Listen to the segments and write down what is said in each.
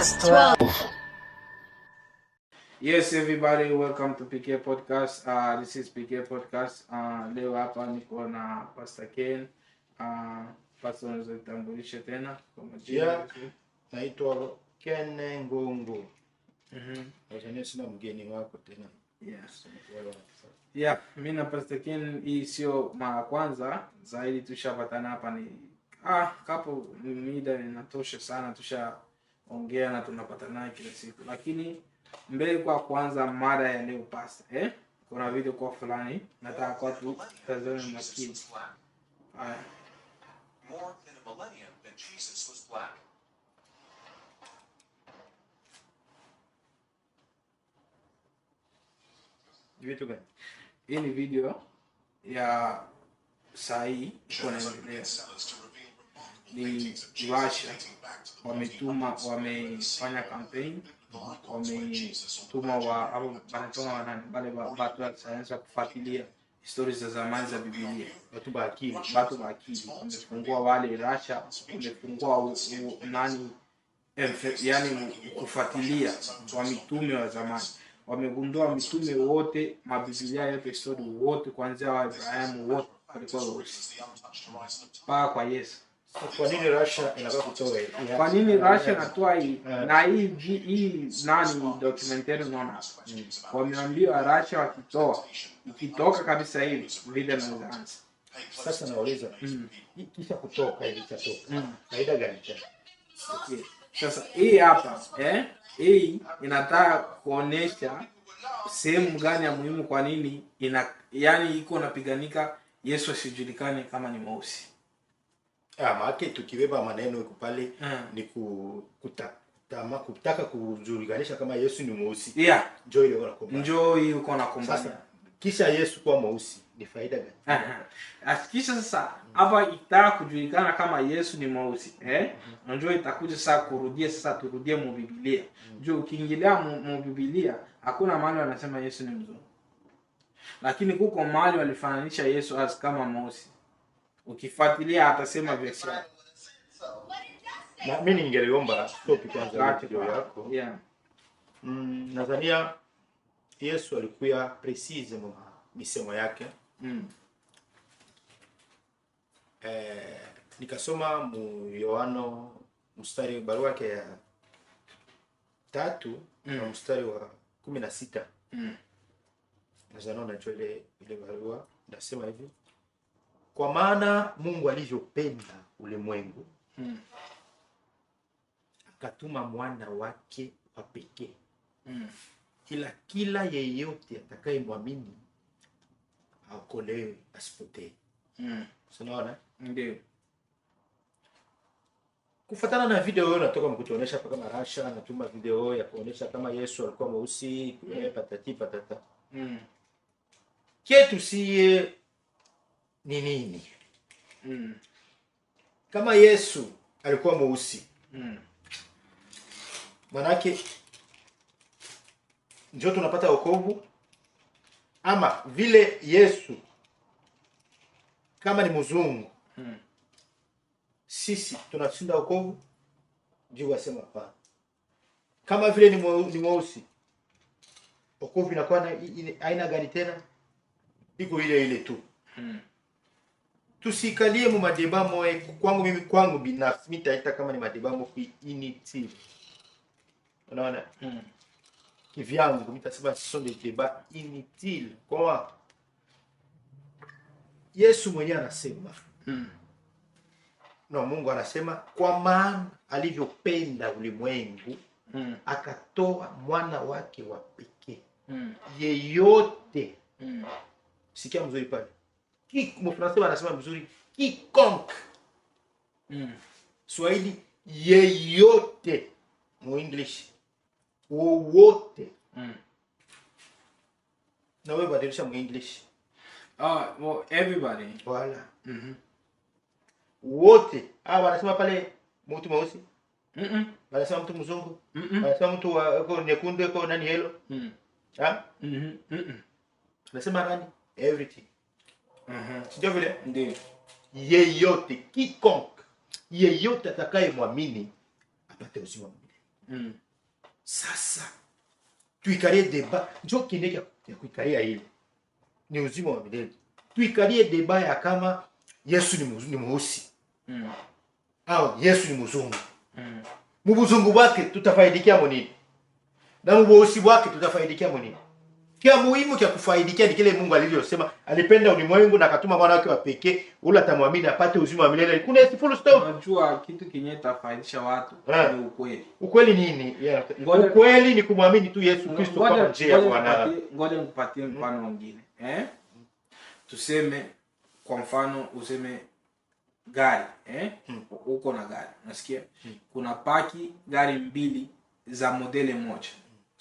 Podcast 12. Yes, everybody, welcome to PK Podcast. Uh, this is PK Podcast. Uh, leo hapa niko na Pastor Ken. Uh, Pastor, unaweza kutambulisha tena kwa majina? Yeah. Naitwa Ken Ngungu. Mhm. Mm sina mgeni wako tena. Yes. Yeah, mimi na Pastor Ken hii sio mara kwanza, zaidi tushapatana hapa ni ah, kapo mida inatosha sana tusha ongea na tunapata naye kila siku, lakini mbele kwa kwanza mada ya leo pasa eh? Kuna video kwa fulani nataka kwa tu tazame makini. Vitu gani? Hii ni video ya sahi iko naendelea ni Russia wametuma, wamefanya kampeni, wametuma wanatuma wale watu wa sayansi wa kufuatilia stori za zamani za Biblia, watu wa akili, watu wa akili wamefungua wale Russia wamefungua nani, yani kufuatilia wa mitume wa zamani wamegundua mitume wote, mabiblia yote, stori wote, kuanzia wa Ibrahimu wote walikuwa weusi mpaka kwa Yesu kwa nini Russia inatoa hii? Na hii hii nani documentary unaona hapa. Wameambiwa Russia wakitoa ikitoka kabisa hivi vile inaanza. Sasa nauliza mm. kisha kutoka hivi chatoka. Mm. Faida gani tena? Sasa hii hapa eh hii inataka kuonesha sehemu gani ya muhimu kwa nini ina yani iko napiganika Yesu asijulikane kama ni mweusi. Eh, maake tukiweba maneno pale mm. ni kukuta kama kutaka kujuliganisha kama Yesu ni mweusi. Yeah. Njoo ile unakomba. Njoo ile uko unakomba. Sasa kisha Yesu kwa mweusi ni faida gani? Eh, Aha. Kisha sasa hapa mm. itaka kujulikana kama Yesu ni mweusi, eh? Mm. Njoo itakuja sasa kurudia sasa turudie mu Mm. Njoo ukiingilia mu, hakuna mahali wanasema Yesu ni mzungu. Lakini kuko mahali walifananisha Yesu as kama mweusi ukifuatilia atasema biashara. Na mimi ningeliomba stopi kwanza video yako yeah. Mm, nadhania Yesu alikuwa precise mu misemo yake mm. Eh, nikasoma mu Yohano mstari barua yake ya tatu mm. na mstari wa kumi na sita mm. nazana unajua ile barua nasema hivi kwa maana Mungu alivyopenda ulimwengu mm. akatuma mwana wake wa pekee mm. kila kila yeyote atakayemwamini aokolewe asipotee. mm. Unaona, ndio kufatana na video hiyo natoka mkutuonesha hapa, kama Rasha natuma video ya kuonesha kama Yesu alikuwa mweusi mm. patati patata mm. kietu siye ni nini mm. kama Yesu alikuwa mweusi mm. manake ndio tunapata wokovu ama vile Yesu kama ni mzungu mm. sisi tunashinda wokovu jibu asema pa kama vile ni mweusi wokovu inakuwa na aina gani tena iko ile ile tu mm tusikalie mu madeba moye eh, kwangu mimi kwangu binafsi mimi taita kama ni madeba madebamo inutile unaona mm. kivyangu mimi tasema sont des débats inutiles kwa Yesu mwenyewe anasema mm. no Mungu anasema kwa maana alivyopenda ulimwengu mm. akatoa mwana wake wa pekee mm. yeyote mm. sikia mzuri pale Mfransa anasema vizuri kikonk mm. Swahili yeyote, mu wowote mm. Nawe badilisha mu English ah, well, everybody wala mm -hmm. Wote ah, wanasema pale mtu mweusi Wanasema mtu mzungu Wanasema mtu wako nyekundu ko nani yelo hmm. ah? mm-hmm. Nasema nani everything mm-hmm. sio vile ndio yeyote kikonk yeyote apate uzima wa mm. sasa tuikalie deba njo kindeke ya kuikalia ile ni uzima wa milele tuikalie deba ya kama yesu ni mweusi mm. au yesu ni mzungu mm. mubuzungu bwake tutafaidikia monini na mubweusi bwake tutafaidikia monini Kia muhimu kia kufaidikia ni kile Mungu alivyosema, alipenda ulimwengu na akatuma mwana wake wa pekee, ule atamwamini apate uzima wa milele. Kuna esi full stop. Unajua kitu kinye tafaidisha watu ha, ni ah. ukweli. Ukweli nini? Yeah. ukweli ni kumwamini tu Yesu Kristo kama njia ya Bwana. Ngoja nikupatie mm-hmm. mfano mwingine. Mm. Eh? Tuseme kwa mfano useme gari eh? Hmm. Uko na gari unasikia? Hmm. Kuna paki gari mbili za modele moja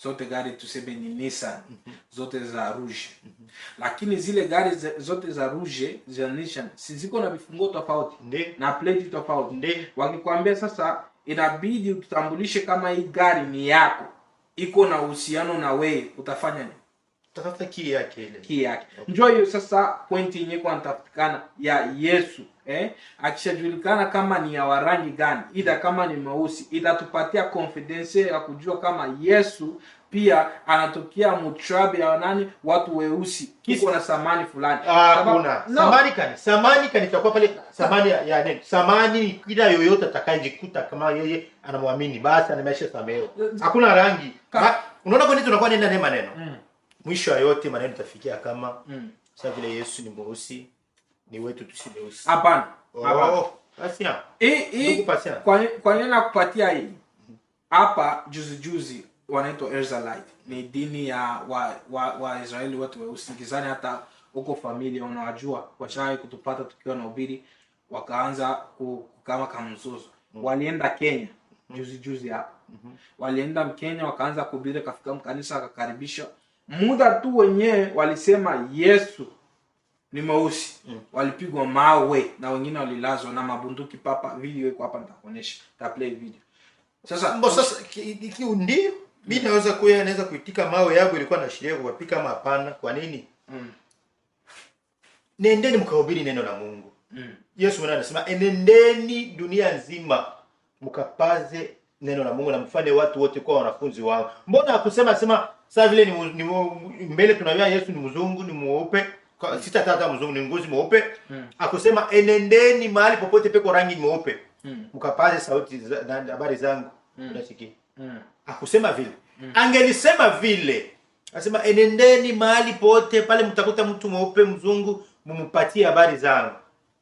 zote gari tuseme ni Nissan mhm. zote za rouge mhm. lakini zile gari zote za rouge za Nissan si ziko na vifungo tofauti na plate tofauti. Wakikwambia sasa, inabidi utambulishe kama hii gari ni yako, iko na uhusiano na wewe, utafanya nini? tafuta key yake ile key yake okay. Njoo hiyo sasa point yenye kwa nitafutikana ya Yesu eh, akishajulikana kama ni ya warangi gani, ida kama ni mweusi, itatupatia confidence ya kujua kama Yesu pia anatokea mtrabe ya nani, watu weusi, kiko na samani fulani. Ah, hakuna no. samani kani samani kani itakuwa pale samani ya, ya samani, kila yoyote atakayejikuta kama yeye anamwamini basi anamesha samehewa, mm. hakuna rangi. Unaona, kwa nini tunakuwa nenda neno maneno mm mwisho ya yote maneno tafikia kama mm. sasa vile Yesu ni mweusi ni wetu tusi weusi. Hapana. Oh, pasia. Eh, eh, pasia. Kwa kwa nini nakupatia hii? Hapa juzi juzi wanaitwa Israelite. Ni dini ya wa wa, wa Israeli watu weusi kizani hata huko familia unawajua washai kutupata tukiwa na ubiri wakaanza kama kamzuzu. Mm. Walienda Kenya mm. juzi juzi hapa. Mm -hmm. Walienda Kenya wakaanza kubiri kafika mkanisa akakaribisha muda tu wenyewe walisema Yesu ni mweusi mm. walipigwa mawe na wengine walilazwa na mabunduki papa. Video iko hapa, nitakuonesha, nitaplay video sasa. Mbo sasa ikiwa ndio mimi mm. naweza kuya naweza kuitika mawe yako ilikuwa na sheria kuwapika ama hapana? Kwa nini? mm. Nendeni mkahubiri neno la Mungu mm. Yesu mwenyewe anasema enendeni dunia nzima mkapaze neno la Mungu na mfanye watu wote kuwa wanafunzi wao. Mbona akusema sema sasa vile ni, ni, mbele tunajua Yesu ni mzungu ni mweupe hmm. sita tata mzungu ni ngozi mweupe hmm. Akusema enendeni mahali popote peko rangi mweupe hmm. Mkapaze sauti habari za, zangu hmm. Unasikia hmm. Akusema vile hmm. Angelisema vile asema enendeni mahali pote pale mtakuta mtu mweupe mzungu mumpatie habari zangu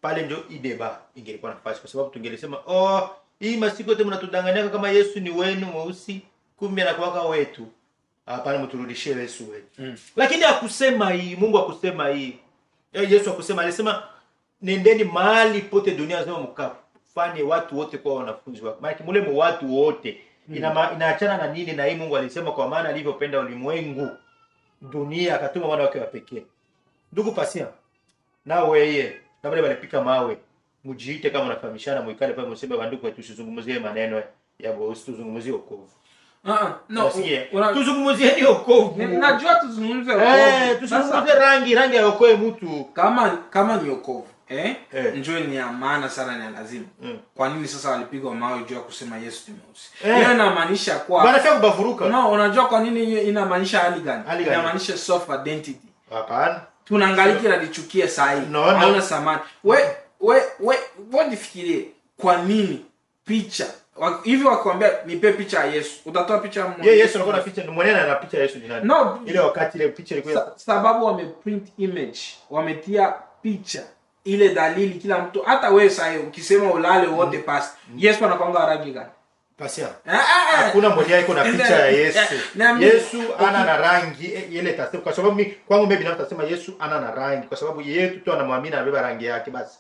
pale ndio ideba ingelikuwa nafasi kwa sababu tungelisema oh hii masiku yote mnatudanganyaka kama Yesu ni wenu mweusi, kumbe anakuwaka wetu. Hapana, mturudishie Yesu wetu. Mm. Lakini akusema hii, Mungu akusema hii. Eh, Yesu akusema, alisema nendeni mahali pote dunia nzima mkafanye watu wote kuwa wanafunzi wako Maana mule watu wote mm. Ina, inaachana na nini na hii Mungu alisema kwa maana alivyopenda ulimwengu dunia akatuma mwana wake wa pekee. Ndugu Pasia, na wewe na wale walipika mawe mjiite kama unafahamishana, muikale pale, mseme wetu tusizungumzie maneno ya bosi, tuzungumzie wokovu. Ah, ah tuzungumzie ni wokovu. tuzungumze tuzungumze eh, rangi, rangi ya mtu. Kama kama ni wokovu eh, eh, njoo ni ya maana sana, ni ya lazima mm. Kwa nini sasa walipigwa mawe juu ya kusema Yesu ni mweusi eh? Hiyo inamaanisha kwa bana No, unajua kwa nini hiyo inamaanisha hali gani? Inamaanisha self identity. Hapana, tunaangalia kila lichukie sahi. No, no. Hauna samani. We we, we, we nifikirie kwa nini picha hivi wakikwambia nipe picha ya Yesu, utatoa picha ya Mungu? Yesu anakuwa na picha mwenyewe na picha ya Yesu jirani. No, ile wakati ile picha ilikuwa sa, sababu wameprint image, wametia picha ile dalili kila mtu hata wewe sasa ukisema ulale wote mm. pasi Yesu anapanga rangi gani? Pasia. Eh, eh, eh. Hakuna mmoja iko na picha ya Yesu. Yesu ana na rangi ile tasema kwa sababu mimi kwangu mimi binafsi nasema Yesu ana na rangi kwa sababu yeye tu anamwamini anabeba rangi yake basi.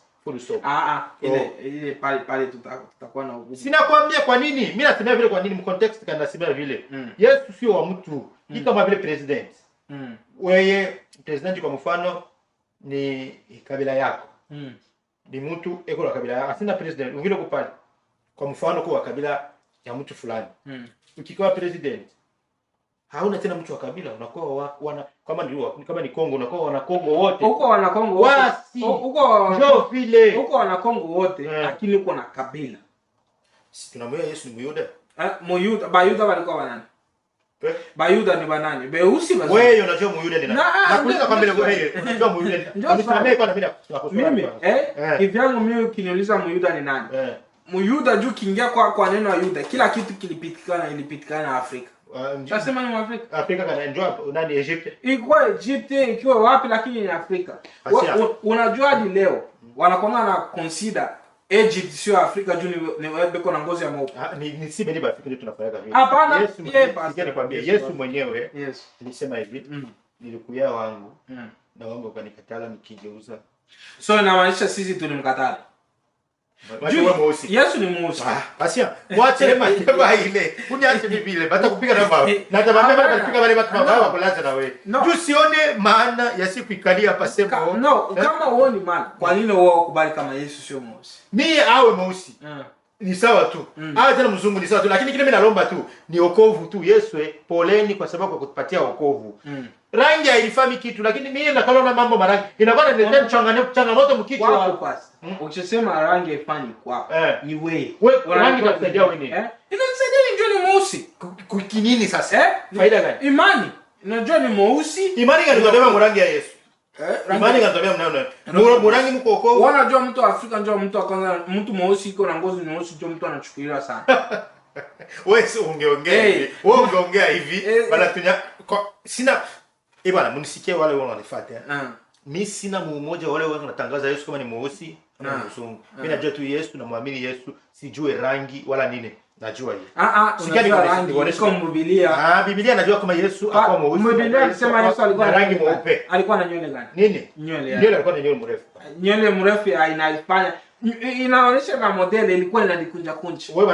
Ah, ah, oh. sinakwambia Sina kwa nini. mi nasemea vile kwa nini mcontext vile. Mm. Yesu sio wa mtu. Mm. Kama vile president. Mm. president kwa mfano ni kabila yako. Mm. Ni mtu eko na kabila yako. asina president. uvile kupale. Kwa mfano kuwa kabila ya mtu fulani. Mm. president hauna tena mtu wa kabila unakuwa wa, wana kama ni wa, kama ni Kongo unakuwa wana Kongo wote huko wana Kongo wote wasi huko ndio vile huko wana Kongo wote eh. lakini uko na kabila si tunamwona Yesu ni Myuda eh Myuda Bayuda walikuwa wanani eh? Bayuda ni banani beusi basi wewe unajua Muyuda ni nani nakuuliza kwa mbele wewe unajua Myuda amesema ah, kwa mbele mimi eh, eh kivyangu mimi ukiniuliza Muyuda ni nani Muyuda juu kiingia kwa kwa neno ya Yuda kila kitu kilipitikana ilipitikana Afrika Ah, Nasema ni Mwafrika. Afrika kanajua nani Egypt. Ilikuwa Egypt ikiwa wapi lakini ni Afrika. hadi ah, leo? Wanakuwa na consider Egypt sio Afrika juu ni beko na ngozi ya mweupe. Ah, ni ni si beni Afrika ndio tunafanyaga vile. Hapana. Yesu nikwambia Yesu mwenyewe yes. Nilisema hivi. Mm. wangu. Mm. Na wangu ukanikatala nikigeuza. So inamaanisha sisi tulimkatala. Yesu ni mweusi. Basi wache majema ile. Uniache mimi ile. Batakupiga na mbao. Eh, na tabambe batakupiga wale watu mabaya wakulaza na wewe. Tu sione maana ya siku ikalia hapa sema. No, eh? kama uone maana. Kwa nini wao kubali kama Yesu sio mweusi? Mimi awe mweusi. Eh. Ni sawa tu. Mm. Awe tena mzungu ni sawa tu. Lakini kile mimi nalomba tu ni wokovu tu. Yesu, poleni kwa sababu kwa kutupatia wokovu. Mm rangi hailifami kitu, lakini mimi nakalona mambo marangi inakuwa inaletea changamoto mkichwa wako hmm? Ukisema rangi haifanyi kwako eh, ni wewe wewe, rangi inakusaidia wewe nini eh? Inakusaidia ni njoni mweusi kinini sasa eh? Faida gani? Imani Unajua ni mweusi, imani gani ndio kwa rangi ya Yesu eh? Imani gani ndio rangi mko huko. Wana jua mtu wa Afrika njoo mtu akwanza mtu mweusi iko na ngozi nyeusi njoo mtu anachukuliwa sana wewe si ungeongea eh. hivi wewe ungeongea hivi eh. bana tunya sina eh bana, mnisikie wale wanaonifuata, mimi ah. sina mmoja wale wanatangaza Yesu kama ni mweusi na ah. mzungu. Ah. najua tu Yesu, namwamini Yesu, sijue rangi wala nini. Najua hiyo. Ah, rangi najua kama Yesu Yesu alikuwa na rangi mweupe. Alikuwa na nywele gani? Nini? Nywele alikuwa na nywele mrefu. Nywele mrefu inaifanya inaonyesha na modele ilikuwa inanikunja kunja. Wewe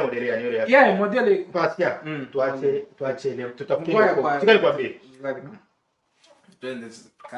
modele ya nywele Yeah, modele iko. Basikia. Mm. Tuache tuache leo tutafute. Sikali